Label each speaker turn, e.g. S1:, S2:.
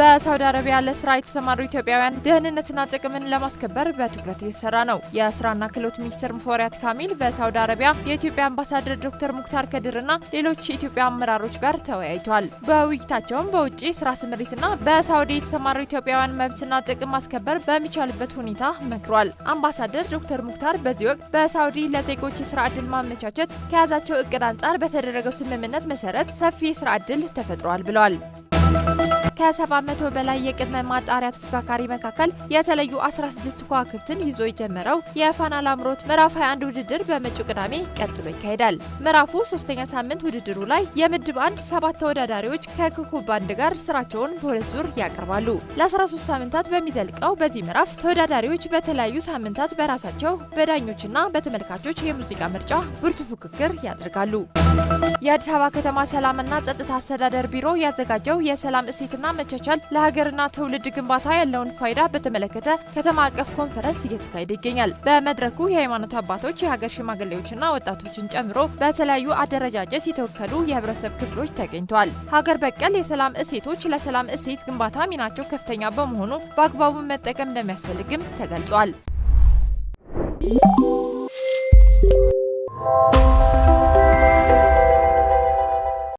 S1: በሳውዲ አረቢያ ለስራ የተሰማሩ ኢትዮጵያውያን ደህንነትና ጥቅምን ለማስከበር በትኩረት እየተሰራ ነው። የስራና ክህሎት ሚኒስትር ሙፈሪያት ካሚል በሳውዲ አረቢያ የኢትዮጵያ አምባሳደር ዶክተር ሙክታር ከድርና ሌሎች ኢትዮጵያ አመራሮች ጋር ተወያይቷል። በውይይታቸውም በውጭ ስራ ስምሪትና በሳውዲ የተሰማሩ ኢትዮጵያውያን መብትና ጥቅም ማስከበር በሚቻልበት ሁኔታ መክሯል። አምባሳደር ዶክተር ሙክታር በዚህ ወቅት በሳውዲ ለዜጎች የስራ እድል ማመቻቸት ከያዛቸው እቅድ አንጻር በተደረገው ስምምነት መሰረት ሰፊ የስራ እድል ተፈጥሯል ብለዋል። ከ700 በላይ የቅድመ ማጣሪያ ተፎካካሪ መካከል የተለዩ 16 ከዋክብትን ይዞ የጀመረው የፋና ላምሮት ምዕራፍ 21 ውድድር በመጪው ቅዳሜ ቀጥሎ ይካሄዳል። ምዕራፉ ሶስተኛ ሳምንት ውድድሩ ላይ የምድብ አንድ ሰባት ተወዳዳሪዎች ከኮከብ ባንድ ጋር ስራቸውን በሁለት ዙር ያቀርባሉ። ለ13 ሳምንታት በሚዘልቀው በዚህ ምዕራፍ ተወዳዳሪዎች በተለያዩ ሳምንታት በራሳቸው በዳኞችና በተመልካቾች የሙዚቃ ምርጫ ብርቱ ፉክክር ያደርጋሉ። የአዲስ አበባ ከተማ ሰላምና ጸጥታ አስተዳደር ቢሮ ያዘጋጀው የሰላም እሴትና መቻቻል ለሀገርና ትውልድ ግንባታ ያለውን ፋይዳ በተመለከተ ከተማ አቀፍ ኮንፈረንስ እየተካሄደ ይገኛል። በመድረኩ የሃይማኖት አባቶች፣ የሀገር ሽማግሌዎችና ወጣቶችን ጨምሮ በተለያዩ አደረጃጀት የተወከሉ የህብረተሰብ ክፍሎች ተገኝተዋል። ሀገር በቀል የሰላም እሴቶች ለሰላም እሴት ግንባታ ሚናቸው ከፍተኛ በመሆኑ በአግባቡ መጠቀም እንደሚያስፈልግም ተገልጿል።